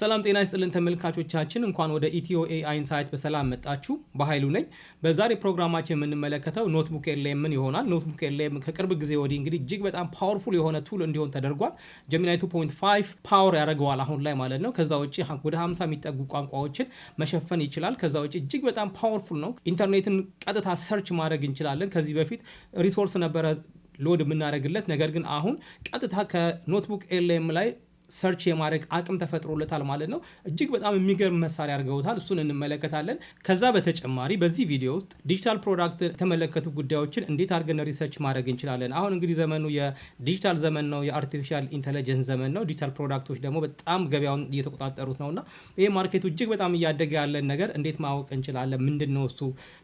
ሰላም ጤና ይስጥልን ተመልካቾቻችን፣ እንኳን ወደ ኢትዮ ኤአይ ኢንሳይት በሰላም መጣችሁ። በኃይሉ ነኝ። በዛሬ ፕሮግራማችን የምንመለከተው ኖትቡክ ኤልኤምን ይሆናል። ኖትቡክ ኤልኤም ከቅርብ ጊዜ ወዲህ እንግዲህ እጅግ በጣም ፓወርፉል የሆነ ቱል እንዲሆን ተደርጓል። ጀሚናይ 2.5 ፓወር ያደርገዋል አሁን ላይ ማለት ነው። ከዛ ውጭ ወደ 50 የሚጠጉ ቋንቋዎችን መሸፈን ይችላል። ከዛ ውጭ እጅግ በጣም ፓወርፉል ነው። ኢንተርኔትን ቀጥታ ሰርች ማድረግ እንችላለን። ከዚህ በፊት ሪሶርስ ነበረ ሎድ የምናደርግለት ነገር ግን አሁን ቀጥታ ከኖትቡክ ኤልኤም ላይ ሰርች የማድረግ አቅም ተፈጥሮለታል ማለት ነው። እጅግ በጣም የሚገርም መሳሪያ አድርገውታል። እሱን እንመለከታለን። ከዛ በተጨማሪ በዚህ ቪዲዮ ውስጥ ዲጂታል ፕሮዳክት የተመለከቱ ጉዳዮችን እንዴት አድርገን ሪሰርች ማድረግ እንችላለን። አሁን እንግዲህ ዘመኑ የዲጂታል ዘመን ነው። የአርቲፊሻል ኢንቴለጀንስ ዘመን ነው። ዲጂታል ፕሮዳክቶች ደግሞ በጣም ገበያውን እየተቆጣጠሩት እና ይህ ማርኬቱ እጅግ በጣም እያደገ ያለን ነገር እንዴት ማወቅ እንችላለን? ምንድን ነው እሱ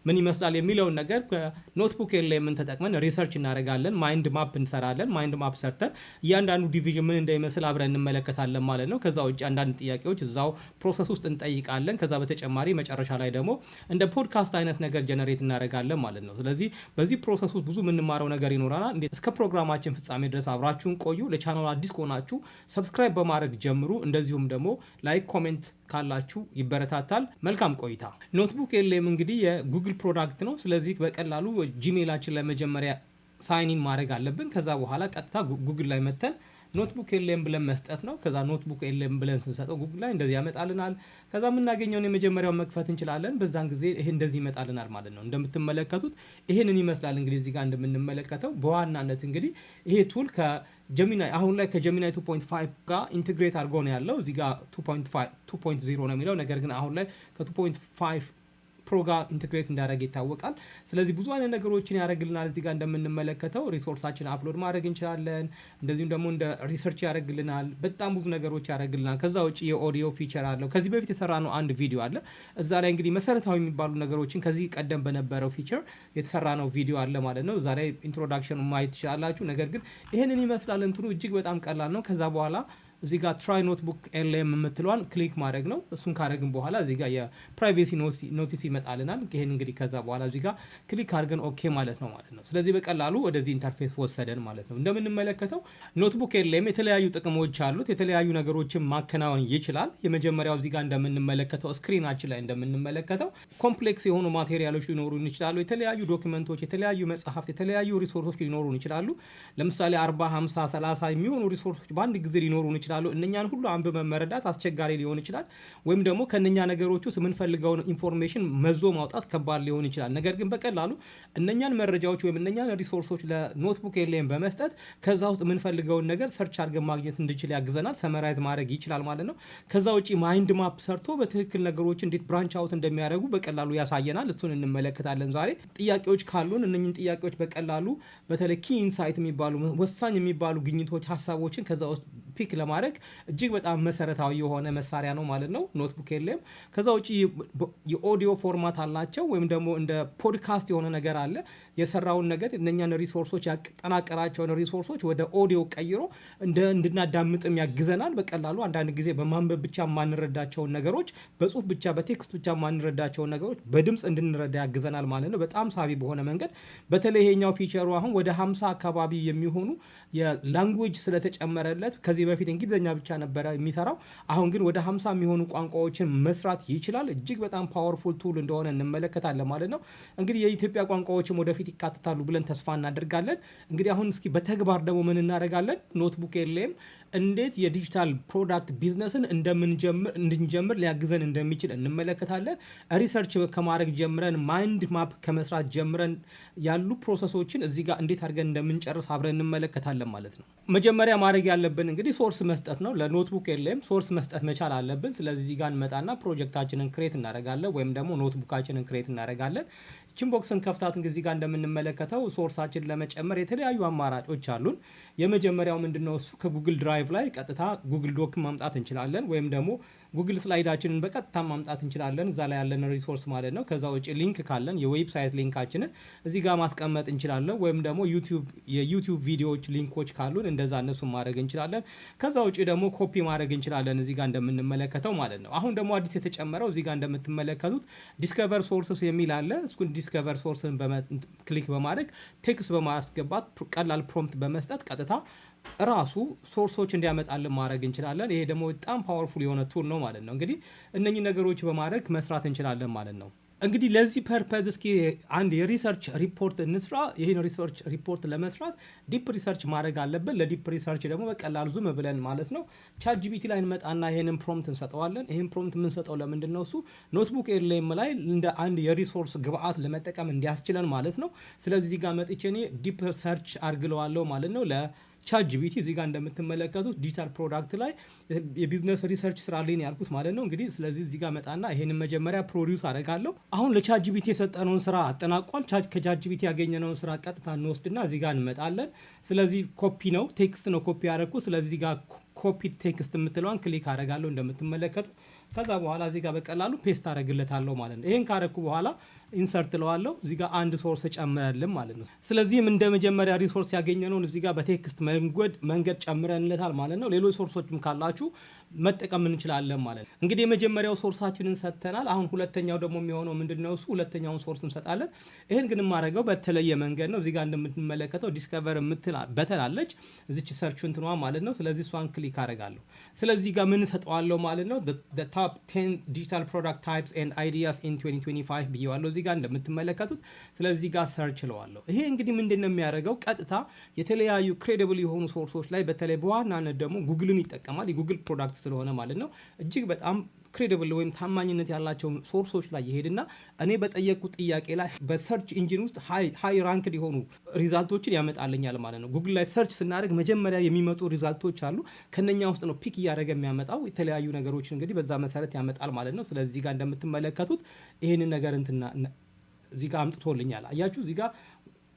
ምን ይመስላል የሚለውን ነገር ከኖትቡክ ላይ የምን ተጠቅመን ሪሰርች እናደርጋለን። ማይንድ ማፕ እንሰራለን። ማይንድ ማፕ ሰርተን እያንዳንዱ ዲቪዥን ምን እንደሚመስል አብረን እንመለከታለን ማለት ነው። ከዛ ውጭ አንዳንድ ጥያቄዎች እዛው ፕሮሰስ ውስጥ እንጠይቃለን። ከዛ በተጨማሪ መጨረሻ ላይ ደግሞ እንደ ፖድካስት አይነት ነገር ጀነሬት እናደርጋለን ማለት ነው። ስለዚህ በዚህ ፕሮሰስ ውስጥ ብዙ የምንማረው ነገር ይኖረናል። እስከ ፕሮግራማችን ፍጻሜ ድረስ አብራችሁን ቆዩ። ለቻናሉ አዲስ ከሆናችሁ ሰብስክራይብ በማድረግ ጀምሩ። እንደዚሁም ደግሞ ላይክ፣ ኮሜንት ካላችሁ ይበረታታል። መልካም ቆይታ። ኖትቡክ ኤልኤም እንግዲህ የጉግል ፕሮዳክት ነው። ስለዚህ በቀላሉ ጂሜላችን ለመጀመሪያ ሳይኒን ማድረግ አለብን። ከዛ በኋላ ቀጥታ ጉግል ላይ መተን ኖትቡክ የለም ብለን መስጠት ነው። ከዛ ኖትቡክ የለም ብለን ስንሰጠው ጉግል ላይ እንደዚህ ያመጣልናል። ከዛ የምናገኘውን የመጀመሪያውን መክፈት እንችላለን። በዛን ጊዜ ይሄ እንደዚህ ይመጣልናል ማለት ነው። እንደምትመለከቱት ይህንን ይመስላል እንግዲህ እዚህ ጋር እንደምንመለከተው በዋናነት እንግዲህ ይሄ ቱል ከጀሚናይ አሁን ላይ ከጀሚናይ 2.5 ጋር ኢንትግሬት አድርጎ ነው ያለው። እዚህ ጋር 2.0 ነው የሚለው ነገር ግን አሁን ላይ ከ2.5 ፕሮ ጋር ኢንቴግሬት እንዳደረገ ይታወቃል። ስለዚህ ብዙ አይነት ነገሮችን ያደረግልናል። እዚህ ጋር እንደምንመለከተው ሪሶርሳችን አፕሎድ ማድረግ እንችላለን። እንደዚሁም ደግሞ እንደ ሪሰርች ያደረግልናል። በጣም ብዙ ነገሮች ያደረግልናል። ከዛ ውጭ የኦዲዮ ፊቸር አለው። ከዚህ በፊት የሰራ ነው አንድ ቪዲዮ አለ። እዛ ላይ እንግዲህ መሰረታዊ የሚባሉ ነገሮችን ከዚህ ቀደም በነበረው ፊቸር የተሰራ ነው ቪዲዮ አለ ማለት ነው። እዛ ላይ ኢንትሮዳክሽኑ ማየት ትችላላችሁ። ነገር ግን ይህንን ይመስላል እንትኑ እጅግ በጣም ቀላል ነው። ከዛ በኋላ እዚ ጋር ትራይ ኖትቡክ ኤልኤም የምትለዋን ክሊክ ማድረግ ነው። እሱን ካደረግን በኋላ እዚጋ ጋር የፕራይቬሲ ኖቲስ ይመጣልናል። ይህን እንግዲህ ከዛ በኋላ እዚ ጋር ክሊክ አድርገን ኦኬ ማለት ነው ማለት ነው። ስለዚህ በቀላሉ ወደዚህ ኢንተርፌስ ወሰደን ማለት ነው። እንደምንመለከተው ኖትቡክ ኤልኤም የተለያዩ ጥቅሞች አሉት። የተለያዩ ነገሮችን ማከናወን ይችላል። የመጀመሪያው እዚ ጋር እንደምንመለከተው ስክሪናችን ላይ እንደምንመለከተው ኮምፕሌክስ የሆኑ ማቴሪያሎች ሊኖሩ ይችላሉ። የተለያዩ ዶክመንቶች፣ የተለያዩ መጽሐፍት፣ የተለያዩ ሪሶርሶች ሊኖሩን ይችላሉ። ለምሳሌ 40፣ 50፣ 30 የሚሆኑ ሪሶርሶች በአንድ ጊዜ ሊኖሩን ይችላሉ። ይችላሉ። እነኛን ሁሉ አንብበ መረዳት አስቸጋሪ ሊሆን ይችላል፣ ወይም ደግሞ ከእነኛ ነገሮች ውስጥ የምንፈልገውን ኢንፎርሜሽን መዞ ማውጣት ከባድ ሊሆን ይችላል። ነገር ግን በቀላሉ እነኛን መረጃዎች ወይም እነኛን ሪሶርሶች ለኖትቡክ ኤሌን በመስጠት ከዛ ውስጥ የምንፈልገውን ነገር ሰርች አድርገን ማግኘት እንድችል ያግዘናል። ሰመራይዝ ማድረግ ይችላል ማለት ነው። ከዛ ውጭ ማይንድ ማፕ ሰርቶ በትክክል ነገሮች እንዴት ብራንች አውት እንደሚያደርጉ በቀላሉ ያሳየናል። እሱን እንመለከታለን ዛሬ። ጥያቄዎች ካሉን እነኝን ጥያቄዎች በቀላሉ በተለይ ኪ ኢንሳይት የሚባሉ ወሳኝ የሚባሉ ግኝቶች፣ ሀሳቦችን ከዛ ውስጥ ፒክ ለማድረግ እጅግ በጣም መሰረታዊ የሆነ መሳሪያ ነው ማለት ነው። ኖትቡክ የለም። ከዛ ውጭ የኦዲዮ ፎርማት አላቸው ወይም ደግሞ እንደ ፖድካስት የሆነ ነገር አለ። የሰራውን ነገር እነኛን ሪሶርሶች ያጠናቀራቸውን ሪሶርሶች ወደ ኦዲዮ ቀይሮ እንድናዳምጥም ያግዘናል። በቀላሉ አንዳንድ ጊዜ በማንበብ ብቻ የማንረዳቸውን ነገሮች በጽሁፍ ብቻ በቴክስት ብቻ የማንረዳቸውን ነገሮች በድምፅ እንድንረዳ ያግዘናል ማለት ነው። በጣም ሳቢ በሆነ መንገድ በተለይ ይሄኛው ፊቸሩ አሁን ወደ ሀምሳ አካባቢ የሚሆኑ የላንጉጅ ስለተጨመረለት ከዚህ በፊት እንግሊዝኛ ብቻ ነበረ የሚሰራው። አሁን ግን ወደ ሀምሳ የሚሆኑ ቋንቋዎችን መስራት ይችላል። እጅግ በጣም ፓወርፉል ቱል እንደሆነ እንመለከታለን ማለት ነው። እንግዲህ የኢትዮጵያ ቋንቋዎችም ወደፊት ወደፊት ይካተታሉ ብለን ተስፋ እናደርጋለን። እንግዲህ አሁን እስኪ በተግባር ደግሞ ምን እናደርጋለን? ኖትቡክ ኤልኤም እንዴት የዲጂታል ፕሮዳክት ቢዝነስን እንድንጀምር ሊያግዘን እንደሚችል እንመለከታለን። ሪሰርች ከማድረግ ጀምረን ማይንድ ማፕ ከመስራት ጀምረን ያሉ ፕሮሰሶችን እዚህ ጋር እንዴት አድርገን እንደምንጨርስ አብረን እንመለከታለን ማለት ነው። መጀመሪያ ማድረግ ያለብን እንግዲህ ሶርስ መስጠት ነው። ለኖትቡክ ኤልኤም ሶርስ መስጠት መቻል አለብን። ስለዚህ ጋር እንመጣና ፕሮጀክታችንን ክሬት እናደርጋለን ወይም ደግሞ ኖትቡካችንን ክሬት እናደርጋለን። ችን ቦክስን ከፍታት እንግዲህ ጋር እንደምንመለከተው ሶርሳችን ለመጨመር የተለያዩ አማራጮች አሉን። የመጀመሪያው ምንድነው እሱ ከጉግል ድራይቭ ላይ ቀጥታ ጉግል ዶክ ማምጣት እንችላለን፣ ወይም ደግሞ ጉግል ስላይዳችንን በቀጥታ ማምጣት እንችላለን። እዛ ላይ ያለን ሪሶርስ ማለት ነው። ከዛ ውጭ ሊንክ ካለን የዌብሳይት ሊንካችንን እዚህ ጋር ማስቀመጥ እንችላለን። ወይም ደግሞ የዩቲዩብ ቪዲዮዎች ሊንኮች ካሉን እንደዛ እነሱን ማድረግ እንችላለን። ከዛ ውጭ ደግሞ ኮፒ ማድረግ እንችላለን እዚህ ጋር እንደምንመለከተው ማለት ነው። አሁን ደግሞ አዲስ የተጨመረው እዚህ ጋር እንደምትመለከቱት ዲስከቨር ሶርስስ የሚል አለ። እስኩን ዲስከቨር ሶርስን ክሊክ በማድረግ ቴክስት በማስገባት ቀላል ፕሮምፕት በመስጠት ቀጥታ ራሱ ሶርሶች እንዲያመጣልን ማድረግ እንችላለን። ይሄ ደግሞ በጣም ፓወርፉል የሆነ ቱል ነው ማለት ነው። እንግዲህ እነኚህ ነገሮች በማድረግ መስራት እንችላለን ማለት ነው። እንግዲህ ለዚህ ፐርፐዝ እስኪ አንድ የሪሰርች ሪፖርት እንስራ። ይህን ሪሰርች ሪፖርት ለመስራት ዲፕ ሪሰርች ማድረግ አለብን። ለዲፕ ሪሰርች ደግሞ በቀላል ዙም ብለን ማለት ነው ቻት ጂቢቲ ላይ እንመጣና ይህንን ፕሮምት እንሰጠዋለን። ይህን ፕሮምት የምንሰጠው ለምንድን ነው? እሱ ኖትቡክ ኤርላይም ላይ እንደ አንድ የሪሶርስ ግብአት ለመጠቀም እንዲያስችለን ማለት ነው። ስለዚህ ጋር መጥቼ እኔ ዲፕ ሰርች አርግለዋለሁ ማለት ነው ለ ቻት ጂቢቲ እዚህ ጋር እንደምትመለከቱት ዲጂታል ፕሮዳክት ላይ የቢዝነስ ሪሰርች ስራ ልኝ ያልኩት ማለት ነው። እንግዲህ ስለዚህ እዚህ ጋር መጣና ይሄንን መጀመሪያ ፕሮዲውስ አደርጋለሁ። አሁን ለቻት ጂቢቲ የሰጠነውን ስራ አጠናቋል። ከቻት ጂቢቲ ያገኘነውን ስራ ቀጥታ እንወስድና እዚህ ጋር እንመጣለን። ስለዚህ ኮፒ ነው፣ ቴክስት ነው ኮፒ ያደረግኩት። ስለዚህ ጋር ኮፒ ቴክስት የምትለዋን ክሊክ አደርጋለሁ እንደምትመለከቱ። ከዛ በኋላ እዚህ ጋር በቀላሉ ፔስት አደረግለታለሁ ማለት ነው። ይህን ካረግኩ በኋላ ኢንሰርት ለዋለው እዚህ ጋር አንድ ሶርስ ጨምረልን ማለት ነው። ስለዚህም እንደ መጀመሪያ ሪሶርስ ያገኘነውን እዚህ ጋር በቴክስት መንገድ መንገድ ጨምረንለታል ማለት ነው። ሌሎች ሶርሶችም ካላችሁ መጠቀም እንችላለን ማለት ነው። እንግዲህ የመጀመሪያው ሶርሳችንን ሰጥተናል። አሁን ሁለተኛው ደግሞ የሚሆነው ምንድነው? እሱ ሁለተኛውን ሶርስ እንሰጣለን። ይህን ግን የማደርገው በተለየ መንገድ ነው። እዚህ ጋር እንደምትመለከተው ዲስከቨር የምትል በተን አለች እዚች ሰርች እንትኗ ማለት ነው። ስለዚህ እሷን ክሊክ አደርጋለሁ። ስለዚህ ጋር ምን ሰጠዋለሁ ማለት ነው። ታፕ ቴን ዲጂታል ፕሮዳክት ታይፕስ ኤንድ አይዲያስ ኢን 2025 ብዬዋለሁ። እዚህ ጋር እንደምትመለከቱት ስለዚህ ጋር ሰርች ለዋለሁ። ይሄ እንግዲህ ምንድን ነው የሚያደርገው ቀጥታ የተለያዩ ክሬዲብል የሆኑ ሶርሶች ላይ በተለይ በዋናነት ደግሞ ጉግልን ይጠቀማል። የጉግል ፕሮዳክት ስለሆነ ማለት ነው እጅግ በጣም ክሬዲብል ወይም ታማኝነት ያላቸው ሶርሶች ላይ ይሄድና እኔ በጠየቅኩት ጥያቄ ላይ በሰርች ኢንጂን ውስጥ ሃይ ራንክድ የሆኑ ሪዛልቶችን ያመጣልኛል ማለት ነው። ጉግል ላይ ሰርች ስናደርግ መጀመሪያ የሚመጡ ሪዛልቶች አሉ። ከነኛ ውስጥ ነው ፒክ እያደረገ የሚያመጣው የተለያዩ ነገሮችን እንግዲህ በዛ መሰረት ያመጣል ማለት ነው። ስለዚህ ጋር እንደምትመለከቱት ይህንን ነገር እንትና እዚህ ጋር አምጥቶልኛል። አያችሁ እዚህ ጋር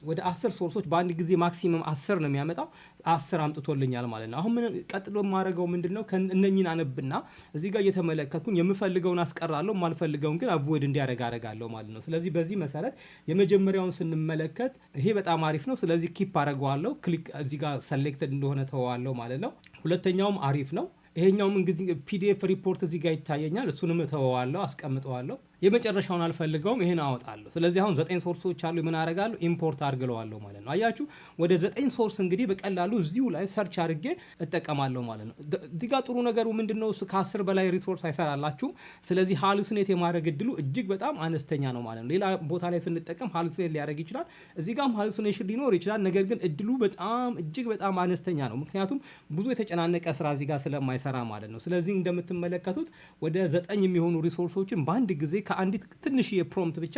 ወደ አስር ሶርሶች በአንድ ጊዜ ማክሲመም አስር ነው የሚያመጣው። አስር አምጥቶልኛል ማለት ነው። አሁን ቀጥሎ የማደርገው ምንድን ነው? እነኝን አነብና እዚህ ጋር እየተመለከትኩኝ የምፈልገውን አስቀራለሁ፣ የማልፈልገውን ግን አቮይድ እንዲያደረግ አደርጋለሁ ማለት ነው። ስለዚህ በዚህ መሰረት የመጀመሪያውን ስንመለከት ይሄ በጣም አሪፍ ነው። ስለዚህ ኪፕ አደርገዋለሁ። ክሊክ እዚህ ጋር ሰሌክትድ እንደሆነ ተዋዋለሁ ማለት ነው። ሁለተኛውም አሪፍ ነው። ይሄኛውም እንግዲህ ፒዲኤፍ ሪፖርት እዚህ ጋር ይታየኛል። እሱንም ተወዋለሁ አስቀምጠዋለሁ። የመጨረሻውን አልፈልገውም፣ ይህን አወጣለሁ። ስለዚህ አሁን ዘጠኝ ሶርሶች አሉ። ምን አረጋለሁ? ኢምፖርት አርግለዋለሁ ማለት ነው። አያችሁ፣ ወደ ዘጠኝ ሶርስ እንግዲህ በቀላሉ እዚሁ ላይ ሰርች አድርጌ እጠቀማለሁ ማለት ነው። እዚህ ጥሩ ነገሩ ምንድነው? ከአስር በላይ ሪሶርስ አይሰራላችሁም። ስለዚህ ሀሉስኔት የማድረግ እድሉ እጅግ በጣም አነስተኛ ነው ማለት ነው። ሌላ ቦታ ላይ ስንጠቀም ሀሉስኔት ሊያደርግ ይችላል። እዚህ ጋም ሀሉስኔሽን ሊኖር ይችላል። ነገር ግን እድሉ በጣም እጅግ በጣም አነስተኛ ነው። ምክንያቱም ብዙ የተጨናነቀ ስራ እዚህ ጋር ስለማይሰራ ማለት ነው። ስለዚህ እንደምትመለከቱት ወደ ዘጠኝ የሚሆኑ ሪሶርሶችን በአንድ ጊዜ ከአንዲት ትንሽዬ ፕሮምት ብቻ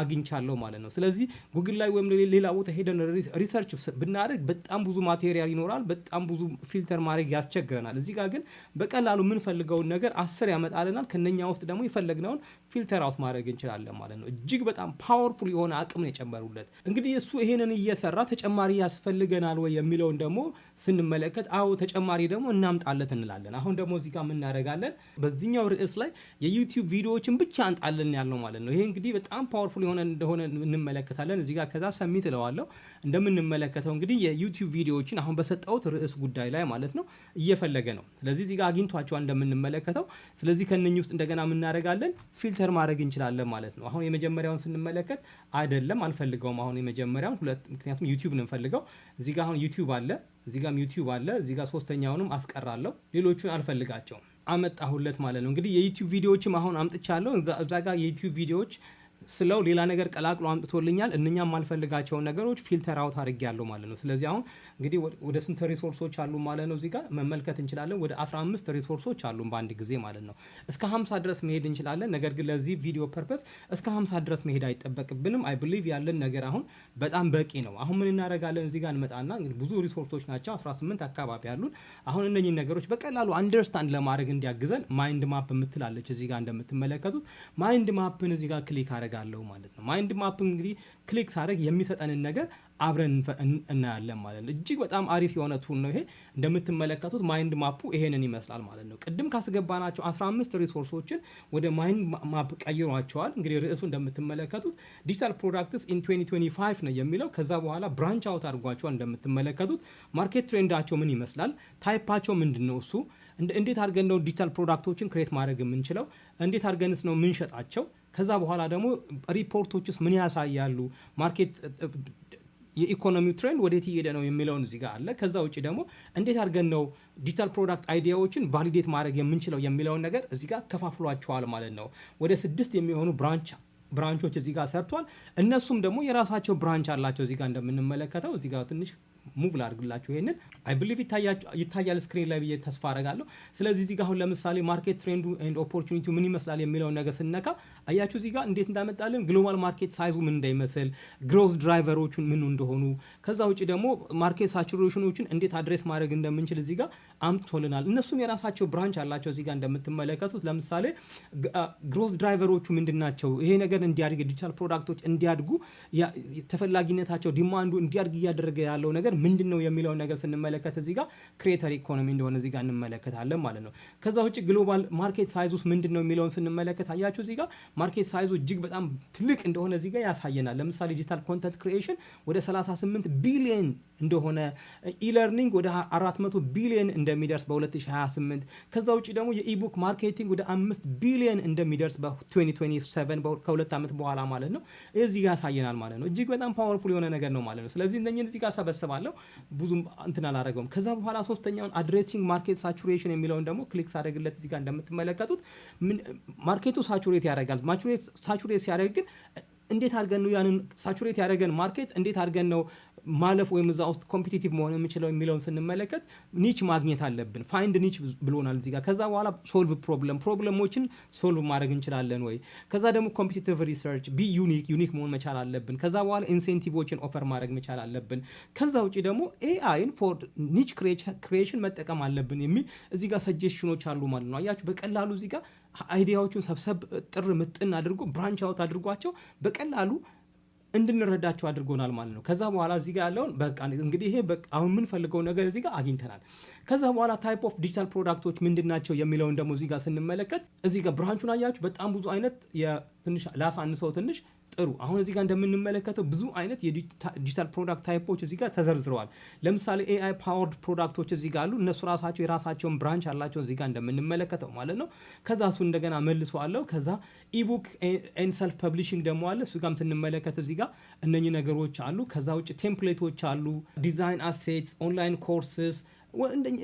አግኝቻለሁ ማለት ነው። ስለዚህ ጉግል ላይ ወይም ሌላ ቦታ ሄደን ሪሰርች ብናደርግ በጣም ብዙ ማቴሪያል ይኖራል። በጣም ብዙ ፊልተር ማድረግ ያስቸግረናል። እዚህ ጋር ግን በቀላሉ የምንፈልገውን ነገር አስር ያመጣልናል። ከነኛ ውስጥ ደግሞ የፈለግነውን ፊልተር አውት ማድረግ እንችላለን ማለት ነው። እጅግ በጣም ፓወርፉል የሆነ አቅም ነው የጨመሩለት። እንግዲህ እሱ ይሄንን እየሰራ ተጨማሪ ያስፈልገናል ወይ የሚለውን ደግሞ ስንመለከት፣ አዎ ተጨማሪ ደግሞ እናምጣለት እንላለን። አሁን ደግሞ እዚህ ጋር የምናደርጋለን በዚህኛው ርዕስ ላይ የዩቲዩብ ቪዲዮዎችን ብቻ አንጣለን ያለው ማለት ነው። ይሄ እንግዲህ በጣም ፓወርፉል የሆነ እንደሆነ እንመለከታለን እዚህ ጋር። ከዛ ሰሚት እለዋለሁ። እንደምንመለከተው እንግዲህ የዩቲዩብ ቪዲዮዎችን አሁን በሰጠውት ርዕስ ጉዳይ ላይ ማለት ነው እየፈለገ ነው። ስለዚህ እዚህ ጋር አግኝቷቸዋል እንደምንመለከተው። ስለዚህ ከነኝ ውስጥ እንደገና የምናደርጋለን ፊልተር ማድረግ እንችላለን ማለት ነው። አሁን የመጀመሪያውን ስንመለከት አይደለም አልፈልገውም። አሁን የመጀመሪያውን ሁለት፣ ምክንያቱም ዩቲዩብ ነው እዚህ ጋር አሁን ዩቲዩብ አለ፣ እዚህ ጋም ዩቲዩብ አለ። እዚህ ጋር ሶስተኛውንም አስቀራለሁ። ሌሎቹን አልፈልጋቸውም አመጣሁለት ማለት ነው። እንግዲህ የዩቲዩብ ቪዲዮዎችም አሁን አምጥቻለሁ። እዛ ጋር የዩቲዩብ ቪዲዮዎች ስለው ሌላ ነገር ቀላቅሎ አምጥቶልኛል። እንኛም የማልፈልጋቸውን ነገሮች ፊልተር አውት ያለው ማለት ነው። ስለዚህ አሁን እንግዲህ ወደ ስንት ሪሶርሶች አሉ ማለት ነው። እዚህ ጋር መመልከት እንችላለን። ወደ 15 ሪሶርሶች አሉ በአንድ ጊዜ ማለት ነው። እስከ 50 ድረስ መሄድ እንችላለን። ነገር ግን ለዚህ ቪዲዮ ፐርፐስ እስከ 50 ድረስ መሄድ አይጠበቅብንም። አይ ብሊቭ ያለን ነገር አሁን በጣም በቂ ነው። አሁን ምን እናደርጋለን? እዚህ ጋር እንመጣና ብዙ ሪሶርሶች ናቸው፣ 18 አካባቢ ያሉን። አሁን እነኚህ ነገሮች በቀላሉ አንደርስታንድ ለማድረግ እንዲያግዘን ማይንድ ማፕ የምትላለች እዚህ ጋር እንደምትመለከቱት ማይንድ ማፕን እዚህ ጋር ክሊክ አድረግ አረጋለሁ ማለት ነው። ማይንድ ማፕ እንግዲህ ክሊክ ሳረግ የሚሰጠንን ነገር አብረን እናያለን ማለት ነው። እጅግ በጣም አሪፍ የሆነ ቱል ነው ይሄ። እንደምትመለከቱት ማይንድ ማፑ ይሄንን ይመስላል ማለት ነው። ቅድም ካስገባናቸው 15 ሪሶርሶችን ወደ ማይንድ ማፕ ቀይሯቸዋል። እንግዲህ ርዕሱ እንደምትመለከቱት ዲጂታል ፕሮዳክትስ ኢን 2025 ነው የሚለው። ከዛ በኋላ ብራንች አውት አድርጓቸዋል። እንደምትመለከቱት ማርኬት ትሬንዳቸው ምን ይመስላል፣ ታይፓቸው ምንድን ነው እሱ እንዴት አድርገን ነው ዲጂታል ፕሮዳክቶችን ክሬት ማድረግ የምንችለው፣ እንዴት አድርገንስ ነው ምንሸጣቸው ከዛ በኋላ ደግሞ ሪፖርቶች ውስጥ ምን ያሳያሉ ማርኬት የኢኮኖሚው ትሬንድ ወዴት እየሄደ ነው የሚለውን እዚህ ጋር አለ። ከዛ ውጭ ደግሞ እንዴት አድርገን ነው ዲጂታል ፕሮዳክት አይዲያዎችን ቫሊዴት ማድረግ የምንችለው የሚለውን ነገር እዚህ ጋር ከፋፍሏቸዋል ማለት ነው። ወደ ስድስት የሚሆኑ ብራንች ብራንቾች እዚህ ጋር ሰርቷል። እነሱም ደግሞ የራሳቸው ብራንች አላቸው። እዚህ ጋር እንደምንመለከተው እዚህ ጋር ትንሽ ሙቭ ላድርግላችሁ። ይሄንን አይ ብሊቭ ይታያል ስክሪን ላይ ብዬ ተስፋ አረጋለሁ። ስለዚህ እዚህ ጋር አሁን ለምሳሌ ማርኬት ትሬንዱ ኤንድ ኦፖርቹኒቲ ምን ይመስላል የሚለውን ነገር ስነካ አያችሁ እዚህ ጋር እንዴት እንዳመጣልን ግሎባል ማርኬት ሳይዙ ምን እንዳይመስል፣ ግሮዝ ድራይቨሮቹን ምን እንደሆኑ፣ ከዛ ውጭ ደግሞ ማርኬት ሳቹሬሽኖችን እንዴት አድሬስ ማድረግ እንደምንችል እዚህ ጋር አምጥቶልናል። እነሱም የራሳቸው ብራንች አላቸው። እዚህ ጋር እንደምትመለከቱት ለምሳሌ ግሮዝ ድራይቨሮቹ ምንድን ናቸው? ይሄ ነገር እንዲያድግ ዲጂታል ፕሮዳክቶች እንዲያድጉ ተፈላጊነታቸው ዲማንዱ እንዲያድግ እያደረገ ያለው ነገር ምንድን ነው የሚለውን ነገር ስንመለከት እዚህ ጋር ክሬተር ኢኮኖሚ እንደሆነ እዚህ ጋር እንመለከታለን ማለት ነው። ከዛ ውጭ ግሎባል ማርኬት ሳይዝ ውስጥ ምንድን ነው የሚለውን ስንመለከት አያችሁ እዚህ ጋር ማርኬት ሳይዙ እጅግ በጣም ትልቅ እንደሆነ እዚህ ጋር ያሳየናል። ለምሳሌ ዲጂታል ኮንተንት ክሪኤሽን ወደ 38 ቢሊየን እንደሆነ ኢለርኒንግ ወደ 400 ቢሊየን እንደሚደርስ በ2028 ከዛ ውጭ ደግሞ የኢቡክ ማርኬቲንግ ወደ 5 ቢሊየን እንደሚደርስ በ2027 ከሁለት ዓመት በኋላ ማለት ነው። እዚህ ያሳየናል ማለት ነው። እጅግ በጣም ፓወርፉል የሆነ ነገር ነው ማለት ነው። ስለዚህ እነኝን እዚህ ጋር ሰበስባለሁ አለው። ብዙም እንትን አላረገውም። ከዛ በኋላ ሶስተኛውን አድሬሲንግ ማርኬት ሳቹሬሽን የሚለውን ደግሞ ክሊክ ሳደርግለት እዚጋ እንደምትመለከቱት ማርኬቱ ሳቹሬት ያደርጋል። ሳቹሬት ሲያደርግ ግን እንዴት አድርገን ነው ያንን ሳቹሬት ያደረገን ማርኬት እንዴት አድርገን ነው ማለፍ ወይም እዛ ውስጥ ኮምፒቲቲቭ መሆን የምችለው የሚለውን ስንመለከት ኒች ማግኘት አለብን። ፋይንድ ኒች ብሎናል እዚህ ከዛ በኋላ ሶልቭ ፕሮብለም ፕሮብለሞችን ሶልቭ ማድረግ እንችላለን ወይ? ከዛ ደግሞ ኮምፒቲቲቭ ሪሰርች ቢ ዩኒክ ዩኒክ መሆን መቻል አለብን። ከዛ በኋላ ኢንሴንቲቮችን ኦፈር ማድረግ መቻል አለብን። ከዛ ውጭ ደግሞ ኤአይን ፎር ኒች ክሪኤሽን መጠቀም አለብን የሚል እዚህ ጋር ሰጀሽኖች አሉ ማለት ነው። አያችሁ በቀላሉ እዚህ ጋር አይዲያዎቹን ሰብሰብ ጥር ምጥን አድርጎ ብራንች አውት አድርጓቸው በቀላሉ እንድንረዳቸው አድርጎናል ማለት ነው። ከዛ በኋላ እዚጋ ያለውን በቃ እንግዲህ ይሄ አሁን የምንፈልገው ነገር እዚጋ አግኝተናል። ከዛ በኋላ ታይፕ ኦፍ ዲጂታል ፕሮዳክቶች ምንድን ናቸው የሚለውን ደግሞ እዚጋ ስንመለከት እዚጋ ጋር ብራንቹን አያችሁ። በጣም ብዙ አይነት ትንሽ ላሳንሰው ትንሽ ጥሩ አሁን እዚህ ጋር እንደምንመለከተው ብዙ አይነት የዲጂታል ፕሮዳክት ታይፖች እዚህ ጋር ተዘርዝረዋል። ለምሳሌ ኤአይ ፓወርድ ፕሮዳክቶች እዚህ ጋር አሉ። እነሱ ራሳቸው የራሳቸውን ብራንች አላቸው እዚህ ጋር እንደምንመለከተው ማለት ነው። ከዛ እሱ እንደገና መልሶ አለው። ከዛ ኢቡክ ኤን ሰልፍ ፐብሊሽንግ ደግሞ አለ። እሱ ጋም ትንመለከት እዚህ ጋር እነኚህ ነገሮች አሉ። ከዛ ውጭ ቴምፕሌቶች አሉ፣ ዲዛይን አሴትስ፣ ኦንላይን ኮርስስ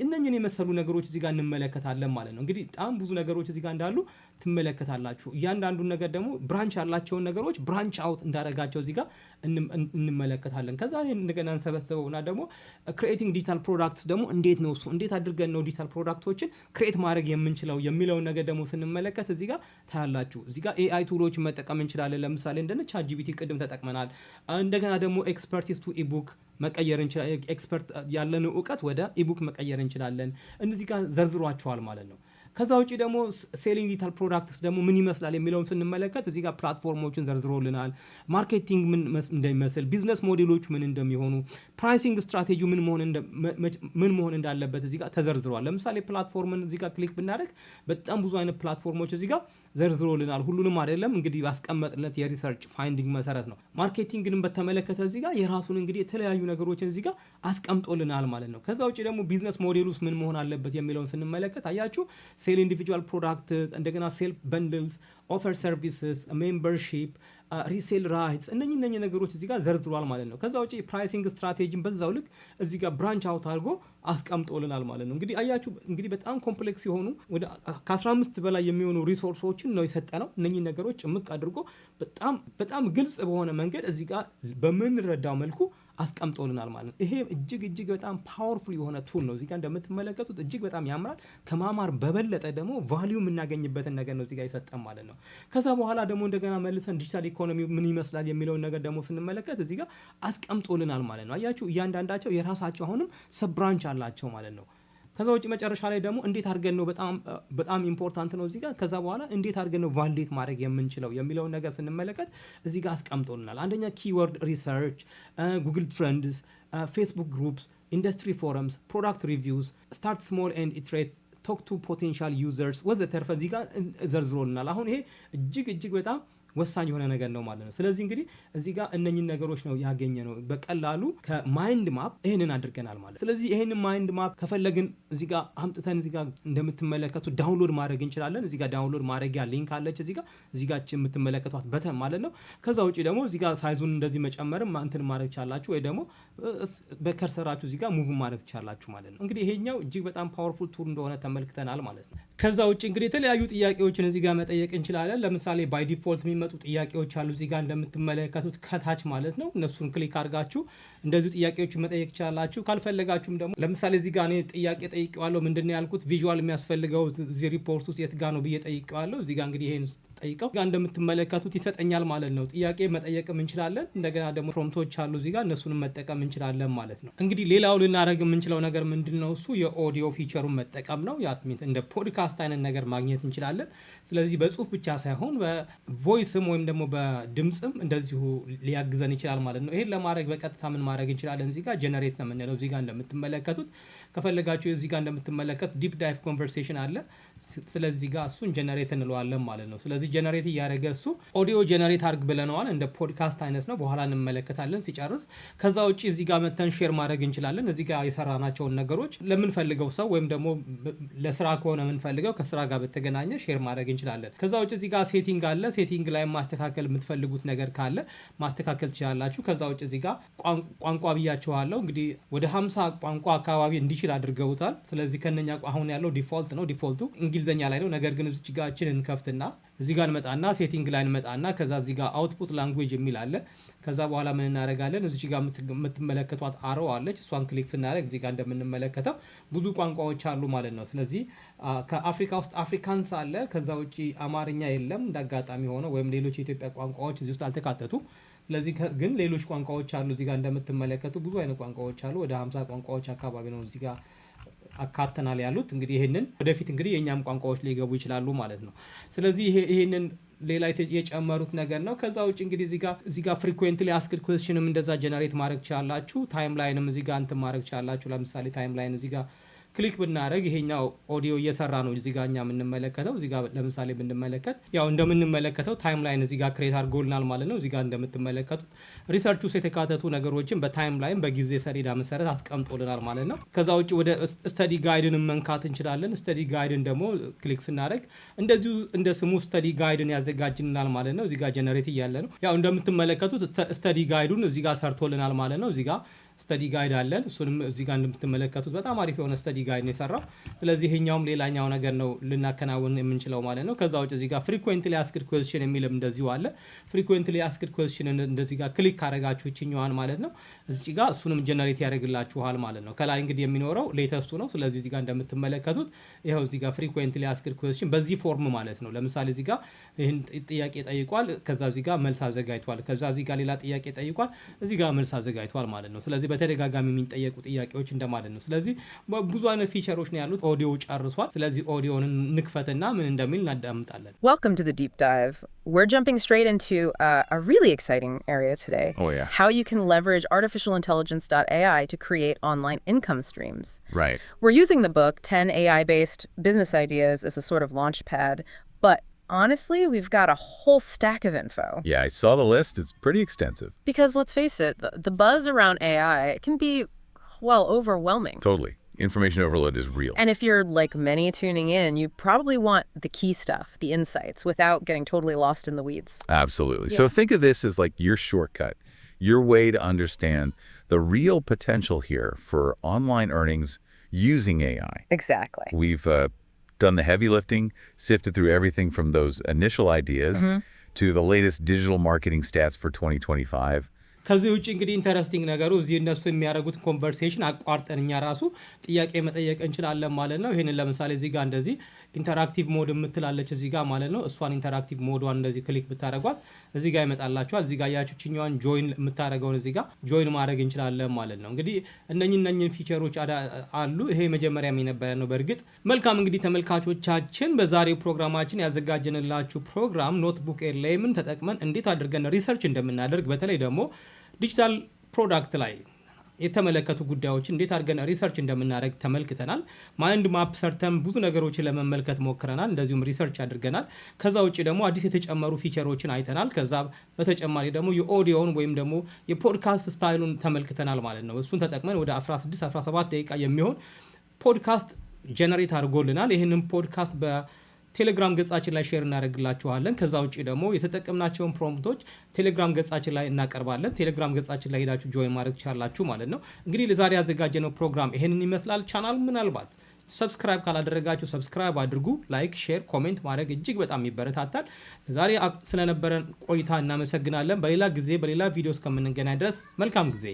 እነኝን የመሰሉ ነገሮች እዚህ ጋር እንመለከታለን ማለት ነው። እንግዲህ በጣም ብዙ ነገሮች እዚህ ጋር እንዳሉ ትመለከታላችሁ። እያንዳንዱን ነገር ደግሞ ብራንች ያላቸውን ነገሮች ብራንች አውት እንዳደረጋቸው እዚህ ጋር እንመለከታለን። ከዛ እንደገና እንሰበስበውና ደግሞ ክሬቲንግ ዲጂታል ፕሮዳክት ደግሞ እንዴት ነው እሱ እንዴት አድርገን ነው ዲጂታል ፕሮዳክቶችን ክሬት ማድረግ የምንችለው የሚለውን ነገር ደግሞ ስንመለከት እዚህ ጋር ታያላችሁ። እዚህ ጋር ኤአይ ቱሎች መጠቀም እንችላለን። ለምሳሌ እንደነ ቻትጂቢቲ ቅድም ተጠቅመናል። እንደገና ደግሞ ኤክስፐርቲስ ቱ ኢቡክ መቀየር እንችላለን። ኤክስፐርት ያለን እውቀት ወደ ኢቡክ መቀየር እንችላለን። እነዚህ ጋር ዘርዝሯቸዋል ማለት ነው። ከዛ ውጭ ደግሞ ሴሊንግ ዲጂታል ፕሮዳክትስ ደግሞ ምን ይመስላል የሚለውን ስንመለከት እዚህ ጋር ፕላትፎርሞችን ዘርዝሮልናል። ማርኬቲንግ ምን እንደሚመስል፣ ቢዝነስ ሞዴሎች ምን እንደሚሆኑ፣ ፕራይሲንግ ስትራቴጂ ምን መሆን እንዳለበት እዚህ ጋር ተዘርዝሯል። ለምሳሌ ፕላትፎርምን እዚህ ጋር ክሊክ ብናደርግ በጣም ብዙ አይነት ፕላትፎርሞች እዚህ ጋር ዘርዝሮልናል። ሁሉንም አይደለም እንግዲህ ባስቀመጥለት የሪሰርች ፋይንዲንግ መሰረት ነው። ማርኬቲንግንም በተመለከተ እዚህ ጋር የራሱን እንግዲህ የተለያዩ ነገሮችን እዚህ ጋር አስቀምጦልናል ማለት ነው። ከዛ ውጭ ደግሞ ቢዝነስ ሞዴል ውስጥ ምን መሆን አለበት የሚለውን ስንመለከት አያችሁ፣ ሴል ኢንዲቪጁዋል ፕሮዳክት፣ እንደገና ሴል በንድልስ፣ ኦፈር ሰርቪስስ፣ ሜምበርሺፕ ሪሴል ራይትስ እነኝ እነኝ ነገሮች እዚጋ ዘርዝሯል ማለት ነው። ከዛ ውጭ ፕራይሲንግ ስትራቴጂን በዛው ልክ እዚ ጋር ብራንች አውት አድርጎ አስቀምጦልናል ማለት ነው። እንግዲህ አያችሁ እንግዲህ በጣም ኮምፕሌክስ የሆኑ ወደ ከ15 በላይ የሚሆኑ ሪሶርሶችን ነው የሰጠ ነው። እነኚህ ነገሮች ጭምቅ አድርጎ በጣም በጣም ግልጽ በሆነ መንገድ እዚ ጋር በምንረዳው መልኩ አስቀምጦልናል ማለት ነው። ይሄ እጅግ እጅግ በጣም ፓወርፉል የሆነ ቱል ነው። እዚጋ እንደምትመለከቱት እጅግ በጣም ያምራል። ከማማር በበለጠ ደግሞ ቫሊዩ የምናገኝበትን ነገር ነው እዚጋ የሰጠ ማለት ነው። ከዛ በኋላ ደግሞ እንደገና መልሰን ዲጂታል ኢኮኖሚ ምን ይመስላል የሚለውን ነገር ደግሞ ስንመለከት እዚጋ አስቀምጦልናል ማለት ነው። አያችሁ እያንዳንዳቸው የራሳቸው አሁንም ሰብ ብራንች አላቸው ማለት ነው። ከዛ ውጭ መጨረሻ ላይ ደግሞ እንዴት አድርገን ነው በጣም ኢምፖርታንት ነው እዚህ ጋር ከዛ በኋላ እንዴት አድርገን ነው ቫሊዴት ማድረግ የምንችለው የሚለውን ነገር ስንመለከት እዚህ ጋር አስቀምጦልናል። አንደኛ ኪወርድ ሪሰርች፣ ጉግል ትሬንድስ፣ ፌስቡክ ግሩፕስ፣ ኢንዱስትሪ ፎረምስ፣ ፕሮዳክት ሪቪውስ፣ ስታርት ስሞል ኤንድ ኢትሬት ቶክ ቱ ፖቴንሻል ዩዘርስ ወዘተርፈ እዚህ ጋር ዘርዝሮልናል። አሁን ይሄ እጅግ እጅግ በጣም ወሳኝ የሆነ ነገር ነው ማለት ነው። ስለዚህ እንግዲህ እዚህ ጋር እነኝን ነገሮች ነው ያገኘ ነው በቀላሉ ከማይንድ ማፕ ይህንን አድርገናል ማለት። ስለዚህ ይህንን ማይንድ ማፕ ከፈለግን እዚህ ጋር አምጥተን እዚህ ጋር እንደምትመለከቱ ዳውንሎድ ማድረግ እንችላለን። እዚህ ጋር ዳውንሎድ ማድረጊያ ሊንክ አለች እዚህ ጋር እዚህ ጋር የምትመለከቷት በተን ማለት ነው። ከዛ ውጭ ደግሞ እዚህ ጋር ሳይዙን እንደዚህ መጨመርም እንትን ማድረግ ቻላችሁ፣ ወይ ደግሞ በከርሰራችሁ እዚህ ጋር ሙቭ ማድረግ ቻላችሁ ማለት ነው። እንግዲህ ይሄኛው እጅግ በጣም ፓወርፉል ቱር እንደሆነ ተመልክተናል ማለት ነው። ከዛ ውጭ እንግዲህ የተለያዩ ጥያቄዎችን እዚህ ጋር መጠየቅ እንችላለን። ለምሳሌ ባይ ዲፎልት የሚመጡ ጥያቄዎች አሉ እዚህ ጋር እንደምትመለከቱት ከታች ማለት ነው። እነሱን ክሊክ አድርጋችሁ እንደዚሁ ጥያቄዎችን መጠየቅ ይችላላችሁ። ካልፈለጋችሁም ደግሞ ለምሳሌ እዚህ ጋር እኔ ጥያቄ ጠይቄዋለሁ። ምንድን ነው ያልኩት? ቪዥዋል የሚያስፈልገው እዚህ ሪፖርት ውስጥ የት ጋር ነው ብዬ ጠይቄዋለሁ። እዚህ ጋር እንግዲህ ይሄን የምንጠይቀው ጋ እንደምትመለከቱት ይሰጠኛል ማለት ነው። ጥያቄ መጠየቅም እንችላለን። እንደገና ደግሞ ፕሮምቶች አሉ እዚጋ እነሱንም መጠቀም እንችላለን ማለት ነው። እንግዲህ ሌላው ልናደረግ የምንችለው ነገር ምንድን ነው? እሱ የኦዲዮ ፊቸሩን መጠቀም ነው። ያትሚት እንደ ፖድካስት አይነት ነገር ማግኘት እንችላለን። ስለዚህ በጽሁፍ ብቻ ሳይሆን በቮይስም ወይም ደግሞ በድምፅም እንደዚሁ ሊያግዘን ይችላል ማለት ነው። ይሄን ለማድረግ በቀጥታ ምን ማድረግ እንችላለን? እዚህ ጀነሬት ነው የምንለው እዚህ እንደምትመለከቱት ከፈለጋችሁ እዚህ ጋር እንደምትመለከት ዲፕ ዳይቭ ኮንቨርሴሽን አለ። ስለዚህ ጋር እሱን ጀነሬት እንለዋለን ማለት ነው። ስለዚህ ጀነሬት እያደረገ እሱ ኦዲዮ ጀነሬት አድርግ ብለነዋል። እንደ ፖድካስት አይነት ነው። በኋላ እንመለከታለን ሲጨርስ። ከዛ ውጭ እዚህ ጋር መተን ሼር ማድረግ እንችላለን። እዚህ ጋር የሰራናቸውን ነገሮች ለምንፈልገው ሰው ወይም ደግሞ ለስራ ከሆነ የምንፈልገው ከስራ ጋር በተገናኘ ሼር ማድረግ እንችላለን። ከዛ ውጭ እዚህ ጋር ሴቲንግ አለ። ሴቲንግ ላይ ማስተካከል የምትፈልጉት ነገር ካለ ማስተካከል ትችላላችሁ። ከዛ ውጭ እዚህ ጋር ቋንቋ ብያችኋለሁ። እንግዲህ ወደ 50 ቋንቋ አካባቢ እንዲችል እንድንችል አድርገውታል። ስለዚህ ከነኛ አሁን ያለው ዲፎልት ነው። ዲፎልቱ እንግሊዘኛ ላይ ነው። ነገር ግን እዚች ጋችን እንከፍትና እዚህ ጋር እንመጣና ሴቲንግ ላይ እንመጣና ከዛ እዚህ ጋር አውትፑት ላንጉዌጅ የሚል አለ። ከዛ በኋላ ምን እናደርጋለን? እዚች ጋር የምትመለከቷት አሮ አለች። እሷን ክሊክ ስናደርግ እዚህ ጋር እንደምንመለከተው ብዙ ቋንቋዎች አሉ ማለት ነው። ስለዚህ ከአፍሪካ ውስጥ አፍሪካንስ አለ። ከዛ ውጭ አማርኛ የለም እንዳጋጣሚ ሆነው ወይም ሌሎች የኢትዮጵያ ቋንቋዎች እዚህ ውስጥ አልተካተቱ ስለዚህ ግን ሌሎች ቋንቋዎች አሉ እዚህ ጋር እንደምትመለከቱ ብዙ አይነት ቋንቋዎች አሉ። ወደ ሀምሳ ቋንቋዎች አካባቢ ነው እዚህ ጋር አካተናል ያሉት። እንግዲህ ይህንን ወደፊት እንግዲህ የእኛም ቋንቋዎች ሊገቡ ይችላሉ ማለት ነው። ስለዚህ ይህንን ሌላ የጨመሩት ነገር ነው። ከዛ ውጭ እንግዲህ እዚህ ጋር እዚህ ጋር ፍሪኩዌንትሊ አስክድ ኩዌስችንም እንደዛ ጀነሬት ማድረግ ትችላላችሁ። ታይም ላይንም እዚህ ጋር እንትን ማድረግ ትችላላችሁ። ለምሳሌ ታይም ላይን እዚህ ጋር ክሊክ ብናደረግ ይሄኛው ኦዲዮ እየሰራ ነው። እዚጋ እኛ የምንመለከተው እዚጋ ለምሳሌ ብንመለከት ያው እንደምንመለከተው ታይም ላይን እዚጋ ክሬት አድርጎልናል ማለት ነው። እዚጋ እንደምትመለከቱት ሪሰርች ውስጥ የተካተቱ ነገሮችን በታይም ላይን በጊዜ ሰሌዳ መሰረት አስቀምጦልናል ማለት ነው። ከዛ ውጭ ወደ ስተዲ ጋይድን መንካት እንችላለን። ስተዲ ጋይድን ደግሞ ክሊክ ስናደረግ እንደዚሁ እንደ ስሙ ስተዲ ጋይድን ያዘጋጅልናል ማለት ነው። እዚጋ ጀነሬት እያለ ነው ያው እንደምትመለከቱት ስተዲ ጋይዱን እዚጋ ሰርቶልናል ማለት ነው። እዚጋ ስተዲ ጋይድ አለን። እሱንም እዚህ ጋር እንደምትመለከቱት በጣም አሪፍ የሆነ ስተዲ ጋይድ ነው የሰራው። ስለዚህ ይሄኛውም ሌላኛው ነገር ነው ልናከናውን የምንችለው ማለት ነው። ከዛ ውጭ እዚህ ጋር ፍሪኩንት አስክድ ኩዌስችን የሚልም እንደዚሁ አለ። ፍሪኩንት አስክድ ኩዌስችን እንደዚህ ጋር ክሊክ ካረጋችሁ ይችኛዋን ማለት ነው እዚህ ጋር እሱንም ጀነሬት ያደርግላችኋል ማለት ነው። ከላይ እንግዲህ የሚኖረው ሌተስቱ ነው። ስለዚህ እዚህ ጋር እንደምትመለከቱት ይኸው እዚህ ጋር ፍሪኩንት አስክድ ኩዌስችን በዚህ ፎርም ማለት ነው። ለምሳሌ እዚህ ጋር ይህን ጥያቄ ጠይቋል። ከዛ እዚህ ጋር መልስ አዘጋጅቷል። ከዛ እዚህ ጋር ሌላ ጥያቄ ጠይቋል። እዚህ ጋር መልስ አዘጋጅቷል ማለት ነው። ስለዚህ እነዚህ በተደጋጋሚ የሚጠየቁ ጥያቄዎች እንደማለት ነው። ስለዚህ ብዙ አይነት ፊቸሮች ነው ያሉት። ኦዲዮ ጨርሷል። ስለዚህ ኦዲዮን ንክፈትና ምን እንደሚል እናዳምጣለን። Welcome to the deep dive. We're jumping straight into uh, a really exciting area today. Oh, yeah. How you can leverage artificial intelligence AI to create online income streams. Right. We're using the book 10 AI-based business ideas as a sort of launch pad, but honestly, we've got a whole stack of info. Yeah, I saw the list. It's pretty extensive. Because let's face it, the, the buzz around AI can be, well, overwhelming. Totally. Information overload is real. And if you're like many tuning in, you probably want the key stuff, the insights, without getting totally lost in the weeds. Absolutely. Yeah. So think of this as like your shortcut, your way to understand the real potential here for online earnings using AI. Exactly. We've uh, done the heavy lifting, sifted through everything from those initial ideas mm -hmm. to the latest digital marketing stats for 2025 ከዚህ ውጭ እንግዲህ ኢንተረስቲንግ ነገሩ እዚህ እነሱ የሚያደርጉት ኮንቨርሴሽን አቋርጠን እኛ ራሱ ጥያቄ መጠየቅ እንችላለን ማለት ነው። ይህንን ለምሳሌ እዚህ ጋር እንደዚህ ኢንተራክቲቭ ሞድ የምትላለች እዚህ ጋር ማለት ነው። እሷን ኢንተራክቲቭ ሞዷን እንደዚህ ክሊክ ብታደረጓት እዚህ ጋር ይመጣላችኋል። እዚህ ጋር ያችሁ ችኛዋን ጆይን የምታደረገውን እዚህ ጋር ጆይን ማድረግ እንችላለን ማለት ነው። እንግዲህ እነኝ እነኝን ፊቸሮች አሉ። ይሄ መጀመሪያ የነበረ ነው በእርግጥ መልካም እንግዲህ ተመልካቾቻችን በዛሬው ፕሮግራማችን ያዘጋጀንላችሁ ፕሮግራም ኖትቡክ ኤሌምን ተጠቅመን እንዴት አድርገን ሪሰርች እንደምናደርግ በተለይ ደግሞ ዲጂታል ፕሮዳክት ላይ የተመለከቱ ጉዳዮችን እንዴት አድርገን ሪሰርች እንደምናደርግ ተመልክተናል። ማይንድ ማፕ ሰርተን ብዙ ነገሮችን ለመመልከት ሞክረናል። እንደዚሁም ሪሰርች አድርገናል። ከዛ ውጭ ደግሞ አዲስ የተጨመሩ ፊቸሮችን አይተናል። ከዛ በተጨማሪ ደግሞ የኦዲዮን ወይም ደግሞ የፖድካስት ስታይሉን ተመልክተናል ማለት ነው። እሱን ተጠቅመን ወደ 16 17 ደቂቃ የሚሆን ፖድካስት ጀነሬት አድርጎልናል። ይህንን ፖድካስት በ ቴሌግራም ገጻችን ላይ ሼር እናደርግላችኋለን። ከዛ ውጭ ደግሞ የተጠቀምናቸውን ፕሮምፕቶች ቴሌግራም ገጻችን ላይ እናቀርባለን። ቴሌግራም ገጻችን ላይ ሄዳችሁ ጆይን ማድረግ ትችላላችሁ ማለት ነው። እንግዲህ ለዛሬ ያዘጋጀነው ፕሮግራም ይሄንን ይመስላል። ቻናል ምናልባት ሰብስክራይብ ካላደረጋችሁ ሰብስክራይብ አድርጉ። ላይክ፣ ሼር፣ ኮሜንት ማድረግ እጅግ በጣም ይበረታታል። ዛሬ ስለነበረን ቆይታ እናመሰግናለን። በሌላ ጊዜ በሌላ ቪዲዮ እስከምንገናኝ ድረስ መልካም ጊዜ